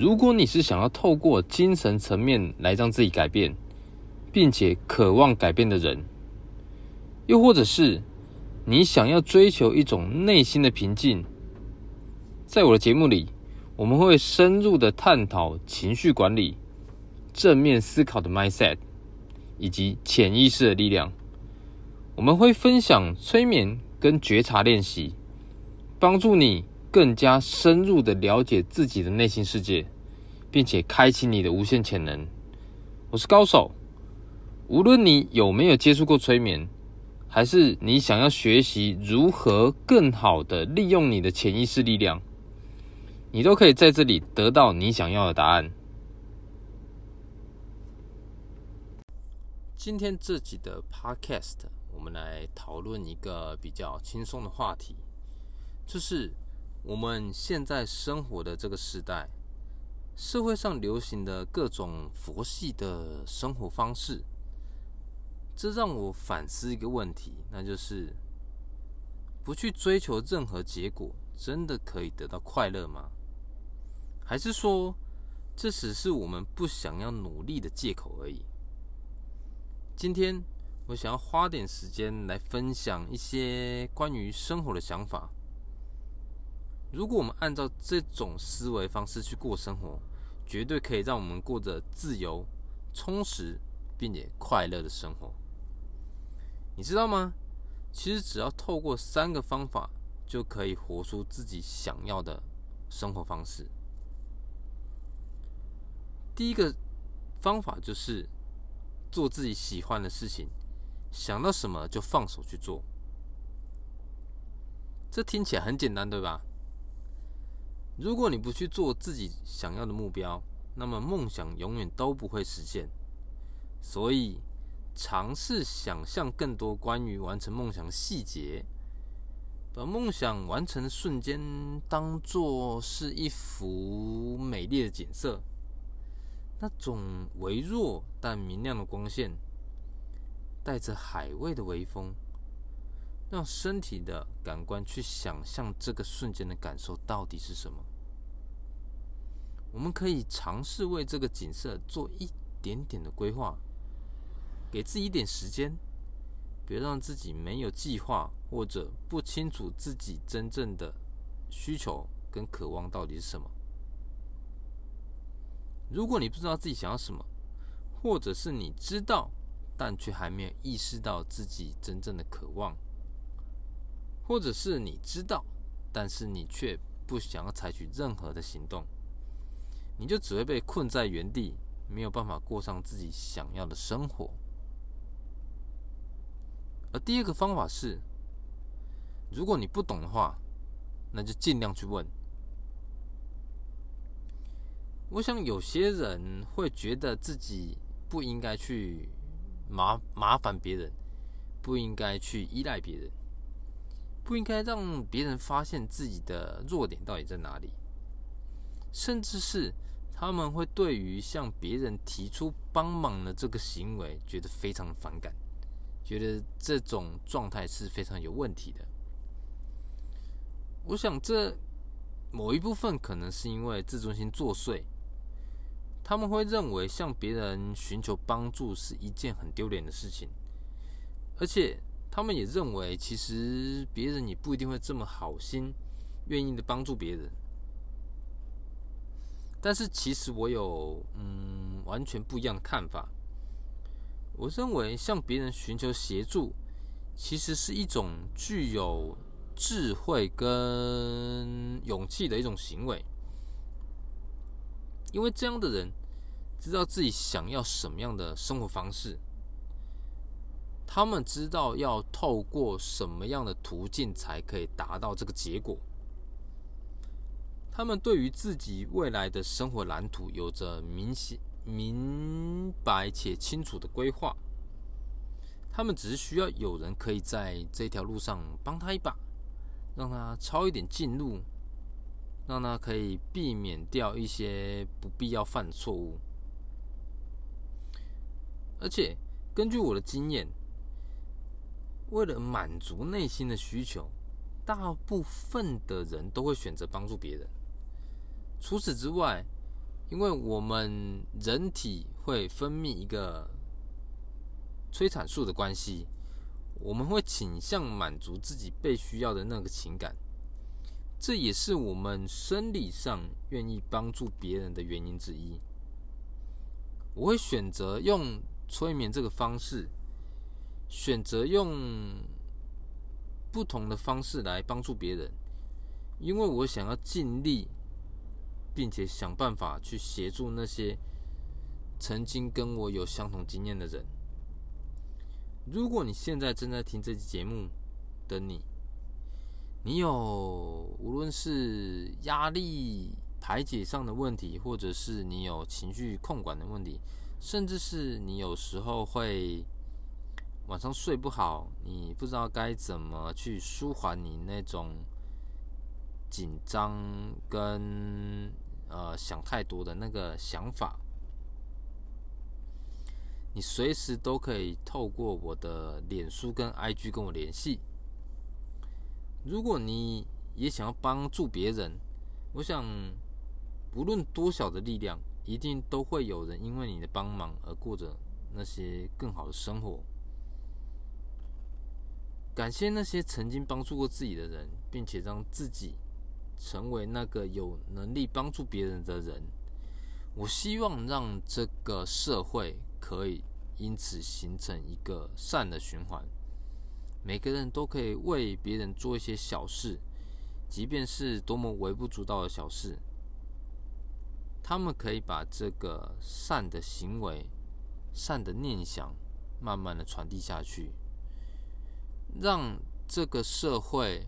如果你是想要透過精神層面來讓自己改變，並且渴望改變的人，又或者是你想要追求一種內心的平靜，在我的節目裡，我們會深入的探討情緒管理、正面思考的 mindset 以及潛意識的力量。我們會分享催眠跟覺察練習，幫助你。更加深入的了解自己的內心世界，並且開啟你的無限潛能。我是高手，無論你有沒有接觸過催眠，還是你想要學習如何更好的利用你的潛意識力量，你都可以在這裡得到你想要的答案。今天這集的 Podcast，我們來討論一個比較輕鬆的話題，就是。我們現在生活的這個時代，社會上流行的各種佛系的生活方式，這讓我反思一個問題，那就是，不去追求任何結果，真的可以得到快樂嗎？還是說，這只是我們不想要努力的借口而已？今天，我想要花點時間來分享一些關於生活的想法。如果我們按照這種思維方式去過生活，絕對可以讓我們過着自由、充實並且快樂的生活。你知道嗎？其實只要透過三個方法，就可以活出自己想要的生活方式。第一個方法就是做自己喜歡的事情，想到什麼就放手去做。這聽起來很簡單，對吧？如果你不去做自己想要的目標，那麼夢想永遠都不會實現。所以，嘗試想象更多關於完成夢想的細節，把夢想完成的瞬間當作是一幅美麗的景色，那種微弱但明亮的光線，帶着海味的微風。讓身體的感官去想象這個瞬間的感受到底是什麼。我們可以嘗試為這個景色做一點點的規劃，給自己一點時間，別讓自己沒有計劃或者不清楚自己真正的需求跟渴望到底是什麼。如果你不知道自己想要什麼，或者是你知道但卻還沒有意識到自己真正的渴望。或者是你知道，但是你卻不想要採取任何的行動，你就只會被困在原地，沒有辦法過上自己想要的生活。而第二個方法是，如果你不懂的話，那就儘量去問。我想有些人會覺得自己不應該去麻麻煩別人，不應該去依賴別人。不應該讓別人發現自己的弱點到底在哪裡，甚至是他們會對於向別人提出幫忙的這個行為覺得非常反感，覺得這種狀態是非常有問題的。我想這某一部分可能是因為自尊心作祟，他們會認為向別人尋求幫助是一件很丟臉的事情，而且。他們也認為，其實別人也不一定會這麼好心，願意的幫助別人。但是，其實我有嗯完全不一樣的看法。我認為向別人尋求協助，其實是一種具有智慧跟勇氣的一種行為，因為這樣的人知道自己想要什麼樣的生活方式。他們知道要透過什麼樣的途徑才可以達到這個結果。他們對於自己未來的生活藍圖有着明顯、明白且清楚的規劃。他們只需要有人可以在這條路上幫他一把，讓他抄一點近路，讓他可以避免掉一些不必要犯錯誤。而且，根據我的經驗。為了滿足內心的需求，大部分的人都會選擇幫助別人。除此之外，因為我們人體會分泌一個催產素的關係，我們會傾向滿足自己被需要的那個情感。這也是我們生理上願意幫助別人的原因之一。我會選擇用催眠這個方式。選擇用不同的方式來幫助別人，因為我想要盡力，並且想辦法去協助那些曾經跟我有相同經驗的人。如果你現在正在聽這期節目的你，你有無論是壓力排解上的問題，或者是你有情緒控管的問題，甚至是你有時候會。晚上睡不好，你不知道該怎麼去舒緩你那種緊張跟呃想太多的那個想法，你隨時都可以透過我的臉書跟 IG 跟我聯繫。如果你也想要幫助別人，我想，不論多小的力量，一定都會有人因為你的幫忙而過着那些更好的生活。感謝那些曾經幫助過自己的人，並且讓自己成為那個有能力幫助別人的人。我希望讓這個社會可以因此形成一個善的循環。每個人都可以為別人做一些小事，即便是多麼微不足道的小事，他們可以把這個善的行為、善的念想，慢慢的傳遞下去。讓這個社會，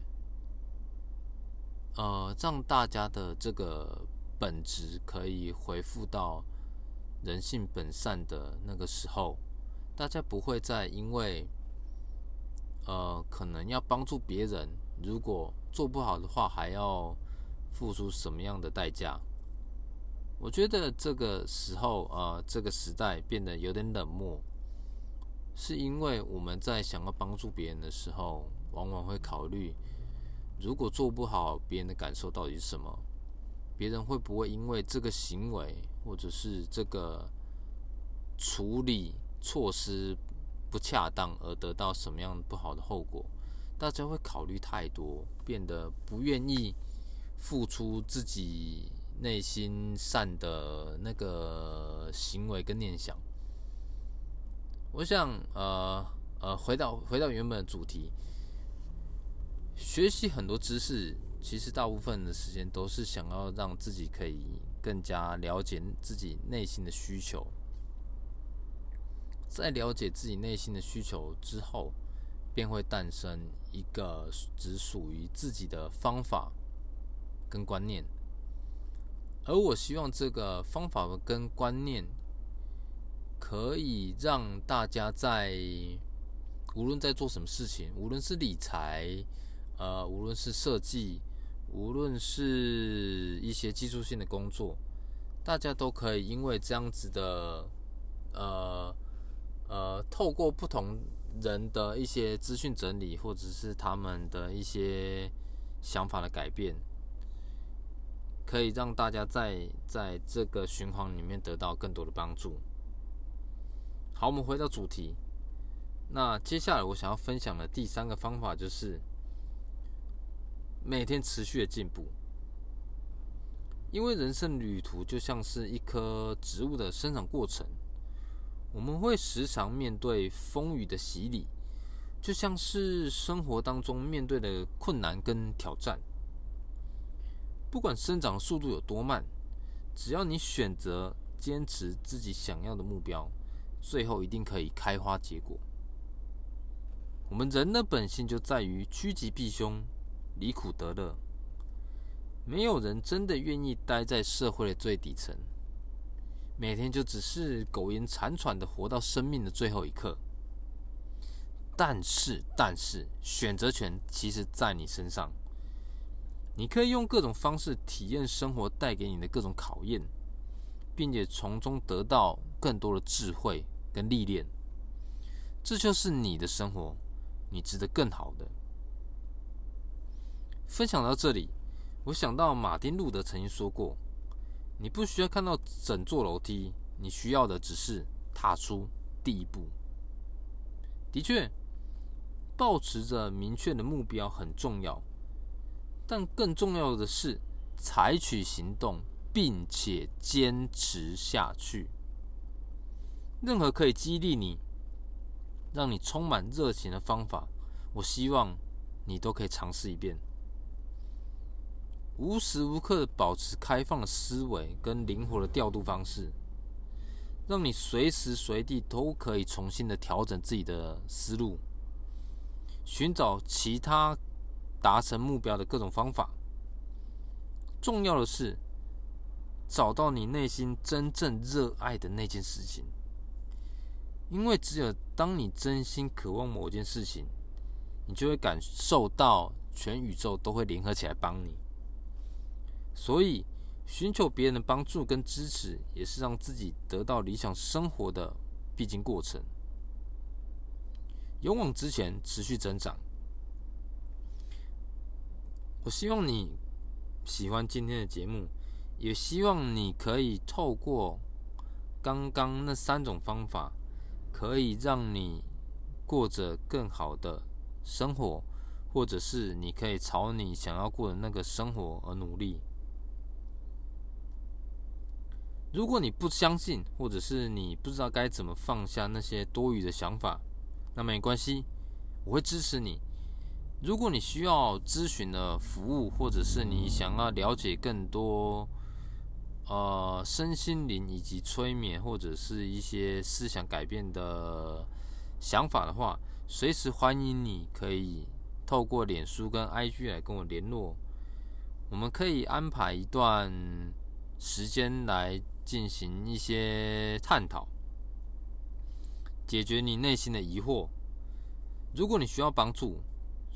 呃，讓大家的這個本質可以回復到人性本善的那個時候，大家不會再因為，呃，可能要幫助別人，如果做不好的話，還要付出什麼樣的代價？我覺得這個時候啊，呃，這個時代變得有點冷漠。是因為我們在想要幫助別人的時候，往往會考慮，如果做不好，別人的感受到底是什麼？別人會不會因為這個行為或者是這個處理措施不恰當而得到什麼樣不好的後果？大家會考慮太多，變得不願意付出自己內心善的那個行為跟念想。我想，呃呃，回到回到原本的主題，學習很多知識，其實大部分的時間都是想要讓自己可以更加了解自己內心的需求。在了解自己內心的需求之後，便會誕生一個只屬於自己的方法跟觀念。而我希望這個方法跟觀念。可以讓大家在無論在做什麼事情，無論是理財，呃，無論是設計，無論是一些技術性的工作，大家都可以因為這樣子的，呃，呃，透過不同人的一些資訊整理，或者是他們的一些想法的改變，可以讓大家在在這個循環裡面得到更多的幫助。好，我們回到主題。那接下來我想要分享的第三個方法就是每天持續的進步。因為人生旅途就像是一棵植物的生長過程，我們會時常面對風雨的洗禮，就像是生活當中面對的困難跟挑戰。不管生長速度有多慢，只要你選擇堅持自己想要的目標。最後一定可以開花結果。我們人的本性就在於趨吉避凶，離苦得樂。沒有人真的願意待在社會的最底層，每天就只是苟延殘喘地活到生命的最後一刻。但是，但是，選擇權其實在你身上。你可以用各種方式體驗生活帶給你的各種考驗，並且從中得到更多的智慧。跟歷練，這就是你的生活，你值得更好的。分享到這裡，我想到馬丁路德曾經說過：“你不需要看到整座樓梯，你需要的只是踏出第一步。”的確，保持着明確的目標很重要，但更重要的是採取行動，並且堅持下去。任何可以激勵你、讓你充滿熱情的方法，我希望你都可以嘗試一遍。無時無刻保持開放的思維跟靈活的調度方式，讓你隨時隨地都可以重新的調整自己的思路，尋找其他達成目標的各種方法。重要的是，找到你內心真正熱愛的那件事情。因為只有當你真心渴望某件事情，你就會感受到全宇宙都會聯合起來幫你。所以，尋求別人的幫助跟支持，也是讓自己得到理想生活的必經過程。勇往直前，持續增長。我希望你喜歡今天的節目，也希望你可以透過剛剛那三種方法。可以讓你過着更好的生活，或者是你可以朝你想要過的那個生活而努力。如果你不相信，或者是你不知道該怎麼放下那些多餘的想法，那沒關係，我會支持你。如果你需要諮詢的服務，或者是你想要了解更多，呃，身心靈以及催眠或者是一些思想改變的想法的話，隨時歡迎你可以透過臉書跟 IG 來跟我聯絡。我們可以安排一段時間來進行一些探討，解決你內心的疑惑。如果你需要幫助，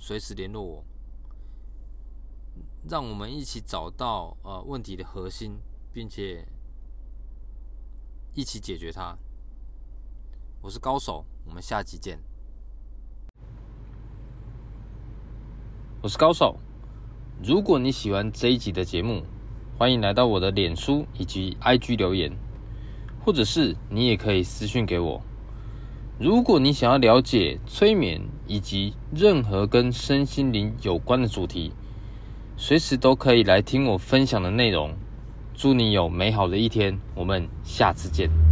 隨時聯絡我，讓我們一起找到，呃，問題的核心。並且一起解決它。我是高手，我們下期見。我是高手，如果你喜歡這一集的節目，歡迎來到我的臉書以及 IG 留言，或者是你也可以私訊給我。如果你想要了解催眠以及任何跟身心靈有關的主題，隨時都可以來聽我分享的內容。祝你有美好的一天，我們下次見。